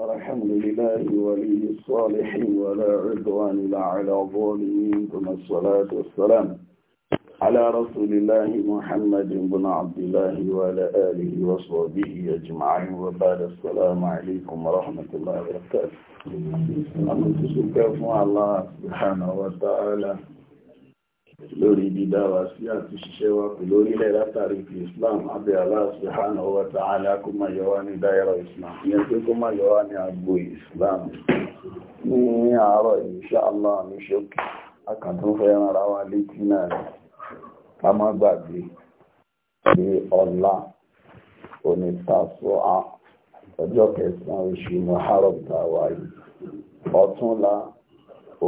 الحمد لله ولي الصالحين ولا عدوان إلا على الظالمين ثم الصلاة والسلام على رسول الله محمد بن عبد الله وعلى آله وصحبه أجمعين وبعد السلام عليكم ورحمة الله وبركاته أنا تشكر الله سبحانه وتعالى lórí dídá wa sí àti ṣiṣẹ́ wa kù lórílẹ̀ látàrí ti islam abẹ́ Allah subhanahu wa ta'ala kó má yọ wá ní dáyẹ̀rọ islam yẹn pé kó má yọ wá ní agbo islam ní àárọ̀ insha Allah ní ṣókè akàtún fẹ́ rárá wa létí náà ká má gbàgbé pé ọ̀la onítàṣọ́ ọjọ́ kẹsàn-án oṣù muharram tàwa yìí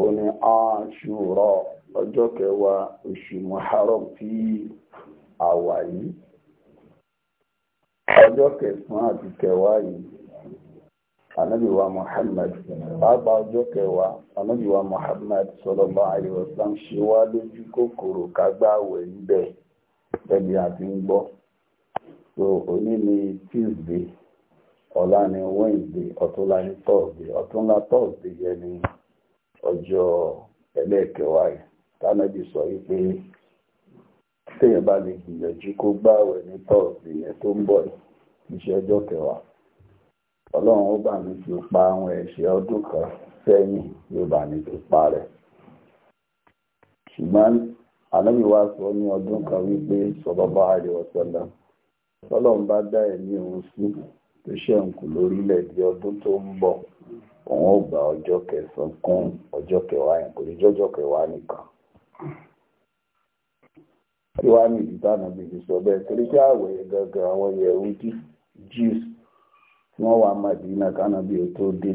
oní aṣúrọ̀ ọjọ́ kẹwàá oṣù muharram tí a wà yìí ọjọ́ kẹfún àti kẹwàá yìí anábìwá muhammad bàbá ọjọ́ kẹwàá anábìwá muhammad ṣe wá lójú kòkòrò kágbáwẹ̀ níbẹ̀ ẹbí àti ń gbọ́ so òní ni tuesday ọ̀la ni wednesday ọ̀túnla ni thursday ọ̀túnla thursday yẹn ni ọjọ́ ẹlẹ́ẹ̀kẹwàá tánàbí sọ wípé téèyàn bá lè gbìyànjú kó gbààwẹ̀ ní tọ́ọ̀sì yẹn tó ń bọ̀ iṣẹ́ ọjọ́ kẹwàá ọlọ́run ó bá mi fi pa àwọn ẹ̀ṣẹ̀ ọdún kan sẹ́yìn yóò bá mi fi pa rẹ̀ ṣùgbọ́n ànábì wa sọ ní ọdún kan wípé sọlọ́bà àríwọ̀sọ́lá tọ́lọ́run bá dá ẹ̀mí òun sí tó ṣẹ̀ǹkù lórílẹ̀ di ọdún tó ń bọ̀ òun ó gba ọjọ́ kẹsàn-án kún ọjọ́ kẹwàá yẹn kò ní jọ́jọ́ kẹwàá nìkan kí wàá ní ìdí táwọn bèbè sọ bẹ́ẹ̀ torí pé àwẹ̀ gangan àwọn yẹ̀wùdí jews Madina tó ti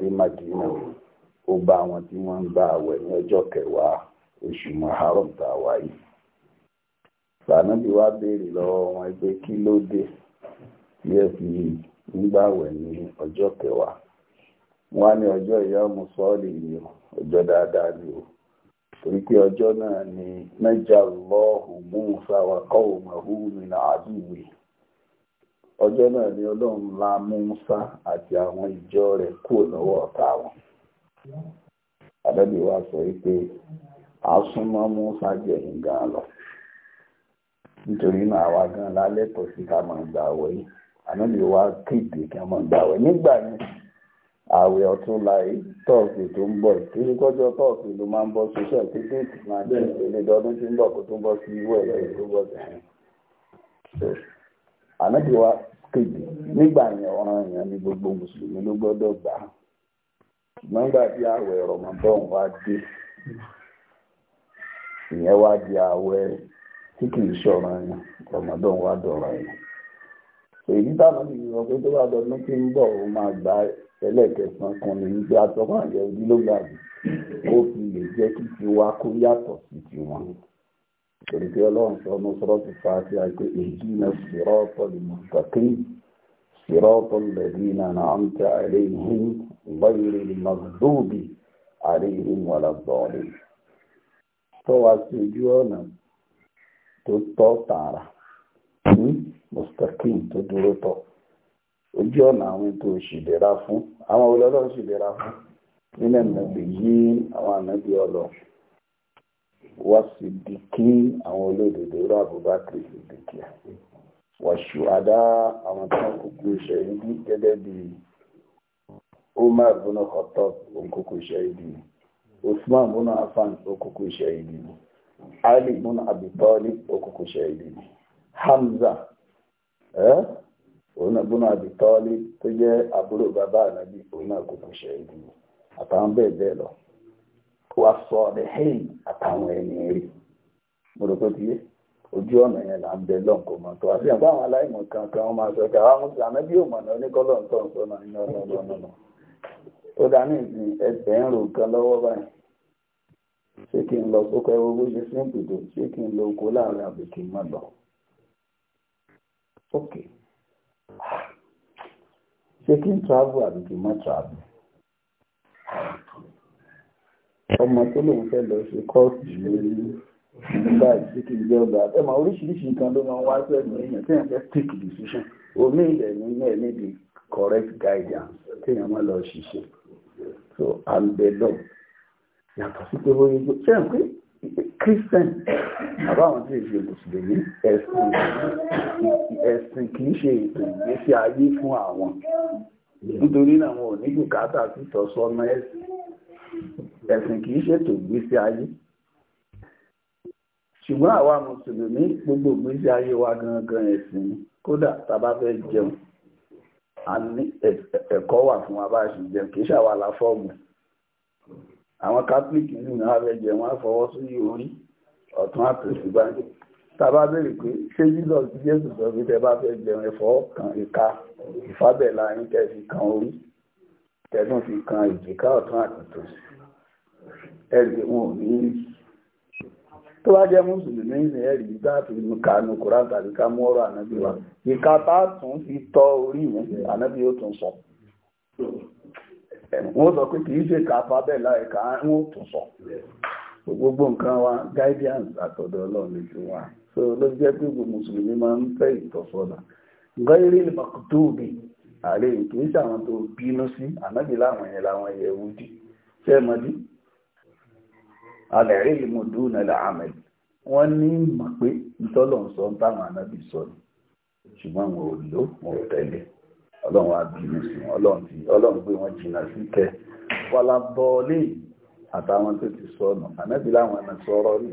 dé Madina ó bá àwọn tí wọ́n ń bá àwẹ̀ ní ọjọ́ kẹwàá oṣù maharam tá a wà yìí sànábì wá béèrè lọ́wọ́ wọn pé kí ló dé tí ẹ fi ń gbàwẹ̀ ní ọjọ kẹwàá ọjọ́ dáadáa ni o torí pé ọjọ́ náà ni mẹ́jà lọ́ọ̀hù Mùsá wa qawmahu min aduwi ọjọ́ náà ni ọlọ́run la Mùsá àti àwọn ìjọ rẹ̀ kúrò lọ́wọ́ ọ̀tá wọn àdẹ́bíwá sọ wípé àsúnmọ́ Mùsá jẹ̀yìn gan lọ nítorí náà àwa gan lálẹ́ tó sí ká máa gbàwẹ̀ yìí àdẹ́bíwá kéde ká máa gbàwẹ̀ nígbà yẹn ààwẹ̀ ọ̀tún láì tọ́ọ̀sì tó ń bọ̀ tí ní kọjọ́ ma ló máa ń bọ́ sí iṣẹ́ tí máa jẹ́ ìpele ọdún tí ń bọ̀ kó tó ń kejì nígbà yẹn ọ̀ràn yẹn ni gbogbo mùsùlùmí ló gbọ́dọ̀ gbà á ṣùgbọ́n nígbà tí wá dé ìyẹn wá di tí kì í ṣọ̀ràn yẹn wá ẹlẹ́ẹ̀kẹsàn kan ní wípé atọ́kùn àjẹ ojúlógbàdì ó fi lè jẹ́ kí tiwa kó yàtọ̀ sí tiwọn torí pé ọlọ́run sọ ọmọ sọ́rọ́ ti fa ti àgbẹ̀ èyí na sírọ́ọ̀tọ̀ lè mú kàkí sírọ́ọ̀tọ̀ lẹ́bí nànà àǹtà àlẹ́ ìhìn gbọ́yìrì mọ̀gbọ́bì àlẹ́ ìhìn wàlà bọ̀ọ̀lì tọ́wa sí ojú ọ̀nà tó tọ́ tààrà hmm, mustaqim tó dúró tọ́ ojú ọ̀nà àwọn tó ṣèdẹ̀ra fún àwọn olọ́lọ́ ṣèdẹ̀ra fún nílẹ̀ nàbì yìí àwọn ànábì ọlọ wá sí dìkí àwọn olódodo rà Abubakar Siddiq wàṣù àdá àwọn tí wọn kúkú ṣẹyìndì gẹ́gẹ́ bí Umar bin Khattab òǹkókò ṣẹyìndì Usman bin Affan òǹkókò ṣẹyìndì Ali bin Abi Talib òǹkókò ṣẹyìndì Hamza. Eh? òun náà gbóná àbí tọ́lé tó jẹ́ àbúrò bàbá àlàbí òun náà kò fún ṣe ìdí àtàwọn bẹ́ẹ̀ bẹ́ẹ̀ lọ wà sọ ọ̀rẹ́ hẹ́yìn àtàwọn ẹni rí mo rò pé ti yé ojú ọ̀nà yẹn là ń bẹ lọ́n kò tó àti àgbà àwọn aláìmọ̀ kankan wọn máa sọ pé àwọn ọmọ ànábì ò na oníkọ́lọ̀ ń tọ̀ ń sọ náà iná lọ́nà lọ́nà ó dá ní ṣe ṣé kí n lo oko láàrin Taking travel àbí kí n travel ọmọ tó lóun fẹ́ lọ ṣe kọ́ọ̀sì lórí nígbà tí kì í jẹ́ ọgbà àtẹ́mọ̀ oríṣiríṣi nǹkan ló máa ń wá sẹ́nu èèyàn téèyàn fẹ́ take decision omi ilẹ̀ ní ilẹ̀ the correct guidance téèyàn máa lọ ṣiṣẹ́ so à the bẹ lọ yàtọ̀ sí pé ó yẹ kí ṣé ń pé christian bàbá àwọn tí èsì mùsùlùmí ẹ̀sìn ẹ̀sìn kìí ṣe ètò ìgbésí ayé fún àwọn nítorí náà wọn ò ní bùkátà sí tọ́sọ́nà ẹ̀sìn ẹ̀sìn kìí ṣètò ìgbésí ayé ṣùgbọ́n àwa mùsùlùmí gbogbo ìgbésí ayé wa gangan ẹ̀sìn ni kódà tá a bá fẹ́ jẹun a ní ẹ̀kọ́ wà fún wa bá a ṣe jẹun kìí ṣàwàlà fọ́ọ̀mù àwọn catholic ní ìnáwó abẹ́jẹ̀ wọn fọwọ́ sí orí ọ̀tún àtòsí báyìí tàbá béèrè pé ṣé jesus jésù sọ pé tẹ bá fẹ́ jẹun ẹ̀fọ́ kan ìka ìfábẹ̀lá yín kẹ́ fi kan orí tẹ́tún fi kan ìjìká ọ̀tún àtòsí ẹ̀rì wọn ò ní rí tó bá jẹ́ mùsùlùmí ní ẹ̀rì ìgbà tó ń ka nu koran tàbí ká mú ọ̀rọ̀ ànábì ìka tá tún fi tọ́ orí yẹn ànábì tún sọ wọ́n sọ pé kìí ṣe kàfà bẹ́ẹ̀ láì ká wọ́n tún sọ gbogbo nǹkan wa guidance àtọ̀dọ̀ ọlọ́run lè fi wá so ló jẹ́ pé gbogbo mùsùlùmí máa ń fẹ́ ìtọ́sọ́nà gbẹ́rẹ́ ìmọ̀kútóbi ààrẹ kìí ṣàwọn tó bínú sí ànábì láwọn yẹn láwọn yẹ̀wù dì ṣe é mọ́dí alẹ́rẹ́ ìmọ̀dúnà làámẹ́lì wọ́n ní mọ̀ pé ìtọ́lọ̀ ń sọ táwọn ànábì sọ ṣùgbọ́n wọn ò lò wọn ò tẹ̀lé ọlọ́run àbínú sí ọlọ́run tí ọlọ́run gbé wọn jìnnà sí kẹ wàlá bọ́ọ̀lì àtàwọn tó ti sọ ọ̀nà ànábì láwọn ẹ̀nà sọ̀rọ̀ rí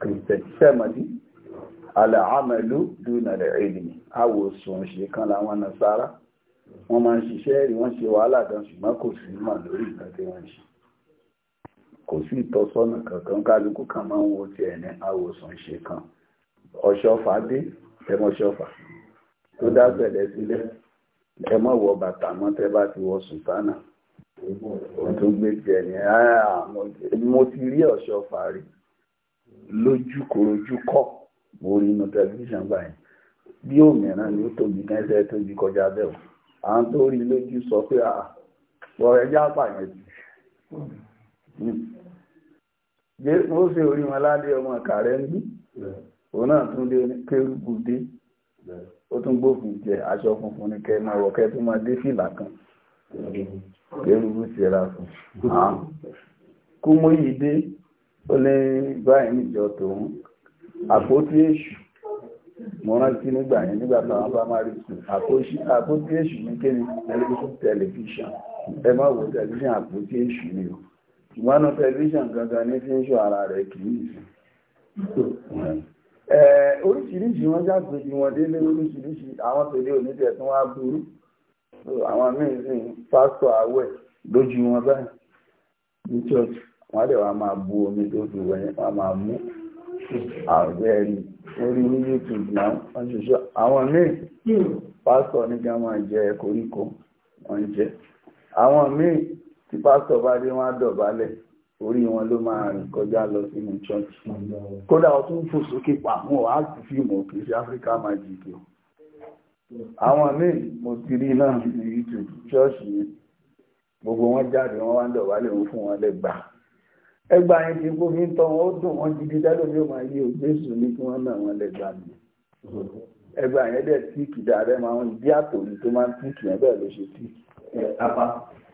kìrìtẹ̀kìtẹ̀mọ̀dí alàámẹ̀lú dúnàlẹ̀ èdè àwòsùn ṣe kan láwọn ẹ̀nà sára wọ́n máa ń ṣiṣẹ́ rí wọ́n ṣe wàhálà kan ṣùgbọ́n kò sí mà lórí nǹkan tí wọ́n ṣe kò sí ìtọ́sọ́nà kankan kálukú kan máa ń wo ti ẹ̀ní àwòsùn ṣe kan ọ̀ṣọ́fà dé ẹmọṣọ́fà tó dá bẹ̀rẹ̀ sílẹ̀ ẹ má wọ bàtà mọ́ tẹ́ bá ti wọ sùtánà tó gbé jẹ ní mo ti rí ọ̀ṣọ́ fàárí lójúkorojú kọ́ mo rí inú tẹlifíṣàn báyìí bí òmìnira ni ó tóbi gẹ́sẹ́ tóbi kọjá bẹ́ẹ̀ o àwọn tó rí lójú sọ pé à bọ̀rọ̀ ẹjá pààyàn jù ó ṣe orí wọn ládé ọmọ kàrẹ́ òun náà tún dé kérúbù dé ó tún gbófin jẹ aṣọ funfun ní kẹ́ máa wọ̀ kẹ́ tó máa dé fìlà kan kérúbù ti ra fún kú mú yìí dé ó lè báyìí níjọ tòun àpótí èṣù mo rántí nígbà yẹn nígbà táwọn bá máa rí àpótí èṣù ní kéde tẹlifíṣàn ẹ má wo tẹlifíṣàn àpótí èṣù ni o ìwọ́nà tẹlifíṣàn gangan ní fi ń ṣọ́ ara rẹ̀ kì í nìyí oríṣiríṣi wọ́n jágbèjì wọn délé oríṣiríṣi àwọn tòlé òní tẹ̀ tún wá burú àwọn míín sì ń pásítọ̀ àwẹ̀ lójú wọn báyìí ní church wọ́n á dẹ̀ wá máa bu omi tó fi wẹ̀ wọ́n máa mú àwẹ̀rí lórí ní youtube náà wọ́n ṣoṣo àwọn míín pásítọ̀ ní kí wọ́n máa jẹ koríko wọ́n jẹ àwọn míín tí pásítọ̀ bá dé wọ́n á dọ̀bálẹ̀ orí wọn ló máa rìn kọjá lọ sínú chọ́ọ̀chì kódà ó tún fò sókè pàmò áàtì fíìmù òkè sí áfíríkà magic o àwọn míì mo ti rí náà ní youtube chọ́ọ̀chì yẹn gbogbo wọn jáde wọn wá ń dọ̀wálẹ̀ òun fún wọn lẹ́gbàá ẹgbàá yẹn ti kó fi ń tọ́ wọn ó dùn wọn gidi dálómi ó máa yí o jésù ní kí wọ́n náà wọn lẹ́gbàá mi ẹgbàá yẹn dẹ̀ tíìkì dáadẹ́ máa ń bí àtòrí tó máa ń tíìkì yẹn bẹ́ẹ̀ ló ṣe tíìkì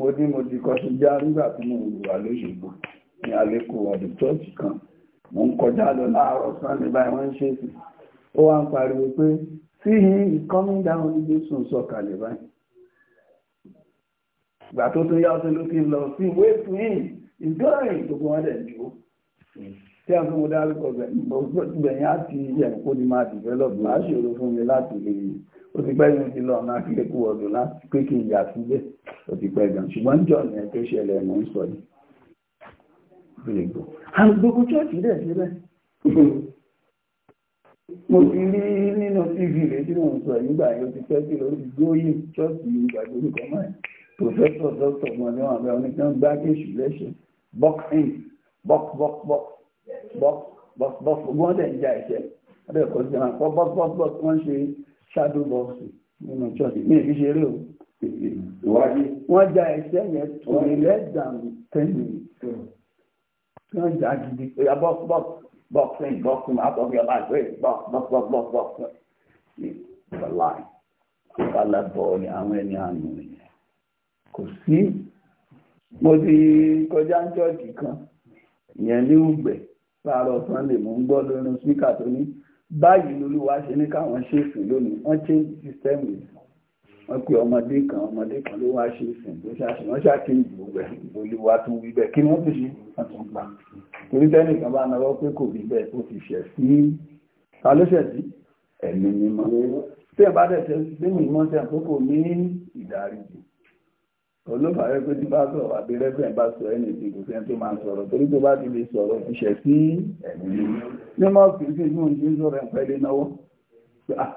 mo ní mo ti kọ́ sí já nígbà tí mo wà lóṣogbo ní àlékò ọ̀dọ̀ chọ́ọ̀chì kan mo ń kọjá lọ láàárọ̀ sunday báyìí wọ́n ń ṣe èsì ó wá ń pariwo pé sí yìí coming down ní jésù ń sọ̀kalẹ̀ báyìí ìgbà tó tún yá ọtún ló ti lọ sí wait for him he's going gbogbo wọn dẹ̀ dúró tí a fún mo dárúkọ gbẹ̀yìn àti ẹ̀kọ́ ni máa develop máa ṣòro fún mi láti lè ó ti pẹ́ yín ti lọ ọ̀nà akẹ́kọ̀ọ́ ọ̀dọ̀ láti pé kí n yà síbẹ̀ ó ti pẹ́ gan ṣùgbọ́n ń jọ̀nà ẹ̀ tó ṣẹlẹ̀ mọ́ ń sọ yìí. àwọn gbogbo chọ́ọ̀tì dẹ̀ sílẹ̀ mo ti rí nínú tv rẹ̀ tí mo ń sọ nígbà yẹn ó ti pẹ́ sí lórí góyìn chọ́ọ̀tì ìgbàgbọ́ olùkọ́ mọ́ ẹ̀ pòfẹ́sọ̀ dókítà mọ́ ni wọ́n àbẹ́ oníkan gbá kéṣù lẹ́ṣẹ̀ boxing box box box bọ́ọ̀sì wọ́n dẹ̀ ń ja ẹ̀ṣẹ́ ọdẹ ẹ̀kọ́ sí àwọn akọ́ bọ́ọ̀sì wọ́n ṣe shadow bọ́ọ̀sì nínú chọ́ọ̀sì ní ìfi ṣeré o wọ́n ja ẹ̀ṣẹ́ yẹn tó ní less than ten minutes wọ́n ja gidi bọ́ọ̀sì bọ́ọ̀sì bọ́ọ̀sì máa bọ́ọ̀sì ọba àgbẹ̀ bọ́ọ̀sì bọ́ọ̀sì bọ́ọ̀sì alábọ̀ ni àwọn ẹni àánú rẹ̀ kò sí mo ti kọjá ń jọ́ọ̀jì kan ìyẹn ní ùgbẹ́ láàárọ̀ sunday mo ń gbọ́ lórí spíkà tó ní báyìí lolúwa ṣe ní káwọn ṣèṣù lónìí wọ́n change system yìí wọ́n pe ọmọdé kan ọmọdé kan ló wá ṣe ìsìn tó ṣáṣe wọ́n ṣàkí ìgbògbò ẹ̀ olúwa tó wí bẹ́ẹ̀ kí wọ́n tó ṣe wọ́n tó ń gbà torí tẹ́nìkan bá náwó pé kò rí bẹ́ẹ̀ ó ti ṣẹ̀ sí ta ló ṣẹ̀ sí ẹ̀mí mímọ́ tí ẹ̀ bá dẹ̀ tẹ́ sí mímọ́ tẹ́ àkókò ní ìdáríjì olófà rẹ pé tí bá sọ̀rọ̀ àbí rẹ́fẹ̀ẹ́ bá sọ ẹni tí kò fẹ́ẹ́ tó máa sọ̀rọ̀ torí tó bá ti lè sọ̀rọ̀ ìṣẹ̀ sí ẹ̀mí ni ní mọ́ kìí sí ìgbóhùn tí ń sọ̀rọ̀ ẹ̀pẹ́ lé náwó ah,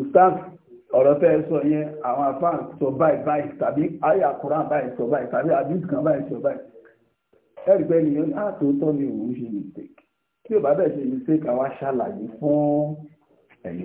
ustaz ọ̀rọ̀ tẹ́ sọ yẹn àwọn afá sọ báyìí báyìí tàbí ayé àkùrá báyìí sọ báyìí tàbí àdúgbò kan báyìí sọ báyìí ẹ̀rí pé ni àtòótọ́ ah, ni òun ṣe mistake tí ò bá bẹ̀ ṣe mistake àwa ṣàlàyé fún ẹni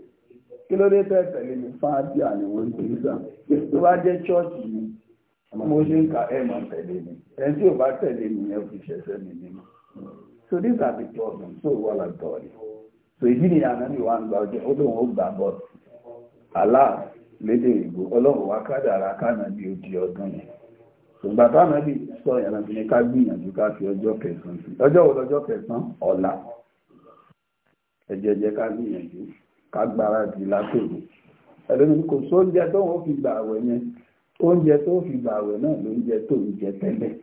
kí ló dé tẹ́ tẹ̀lé ní fáátíà ni wọ́n ti ń sà tó bá jẹ́ ṣọ́ọ̀ṣì ni mo ṣe ń ka ẹ̀ máa tẹ̀lé mi ẹni tí ò bá tẹ̀lé mi yẹn fi ṣẹ̀ṣẹ̀ mi ní so these are the problems so wọ́n la tọ̀ ni so ìdí ni àná ni wọ́n á gba ọjọ́ ó lóun ó gbà bọ́ àlá lédè ìgbò ọlọ́run wá kádàrá kánà bí ó di ọdún yẹn ṣùgbọ́n táwọn ẹbí sọ yàrá fi ní ká gbìyànjú ká fi ọjọ́ kẹsàn-án ọjọ́ wo lọ́jọ́ kẹsàn-án ọ̀la ẹ̀jẹ̀ ká gbìyànjú ká gbáradì látòrò ẹlẹ́ni kò sóúnjẹ tó wọ́n fi gbà àwẹ̀ yẹn oúnjẹ tó fi gbà àwẹ̀ náà lóúnjẹ tó ń jẹ tẹ́lẹ̀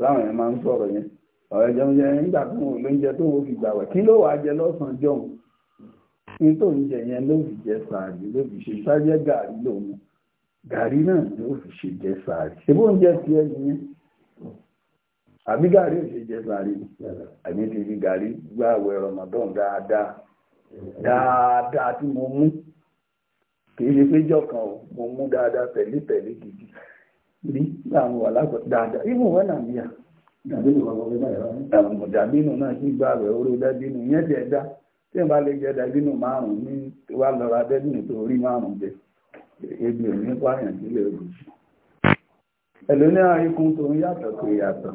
láwọn yẹn máa ń sọ̀rọ̀ yẹn ọ̀rẹ́ jẹun yẹn nígbà tó wọn lóúnjẹ tó wọ́n fi gbà àwẹ̀ kí ló wàá jẹ lọ́sàn-án jọ̀hún ní tó ń jẹ yẹn ló fi jẹ sàárì ló fi ṣe sájẹ́ gàrí lòun gàrí náà ló fi ṣe jẹ sàárì ṣé bó ń jẹ tiẹ̀ nìyẹn àbí gàrí ò ṣe jẹ sàárì àbí ti fi gàrí gbà àwẹ̀ Ramadan dáadáa dáadáa tí mo mú kì í ṣe pé jọ̀kan o mo mú dáadáa tẹ̀lé tẹ̀lé gidi rí láàrin wà lágbọ̀ dáadáa even when i'm here dàbínú náà sí gbà rẹ̀ orí dàbínú yẹn ti ẹ̀dá tí n bá lè jẹ dàbínú márùn-ún ní wà lọ́ra dàbínú tó rí márùn-ún jẹ ebi ò ní pààyàn sílẹ̀ ògùn ẹlòmíràn ikú tó ń yàtọ̀ pé yàtọ̀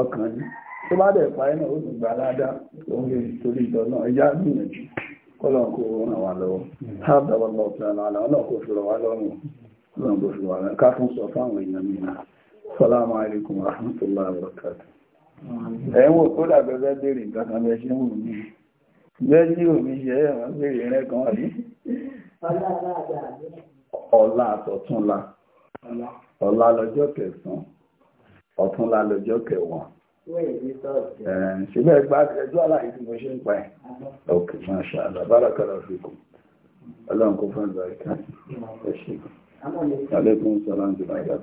ọkàn ní tó bá dẹ̀ parí náà ó dùn gbà ládá òun lè torí ìtọ́ náà ẹjá gbìyànjú kọ́lọ̀n kó ràn wá lọ́wọ́ hábàbà lọ́pẹ́ àlànà wa barakatuh ẹ̀ ń wò kó dàgbẹ́ fẹ́ béèrè nǹkan kan bẹ́ẹ̀ ṣe ń wù mí bẹ́ẹ̀ ní òmí ṣe ẹ̀ wọ́n béèrè rẹ̀ kan rí ọ̀la àtọ̀túnla ọ̀la lọ́jọ́ kẹsàn-án ọ̀túnla lọ́jọ́ kẹwàá ṣùgbọ́n ẹgbà ẹjọ́ aláyé tí mo ṣe ń pa ẹ̀ uh-huh. ok máa ṣe àlàbára kára fíkù ọlọ́run kò fún ẹgbà ẹ̀ka ẹ̀ṣẹ̀ alẹ́kùn sọ́lá ń jù láyé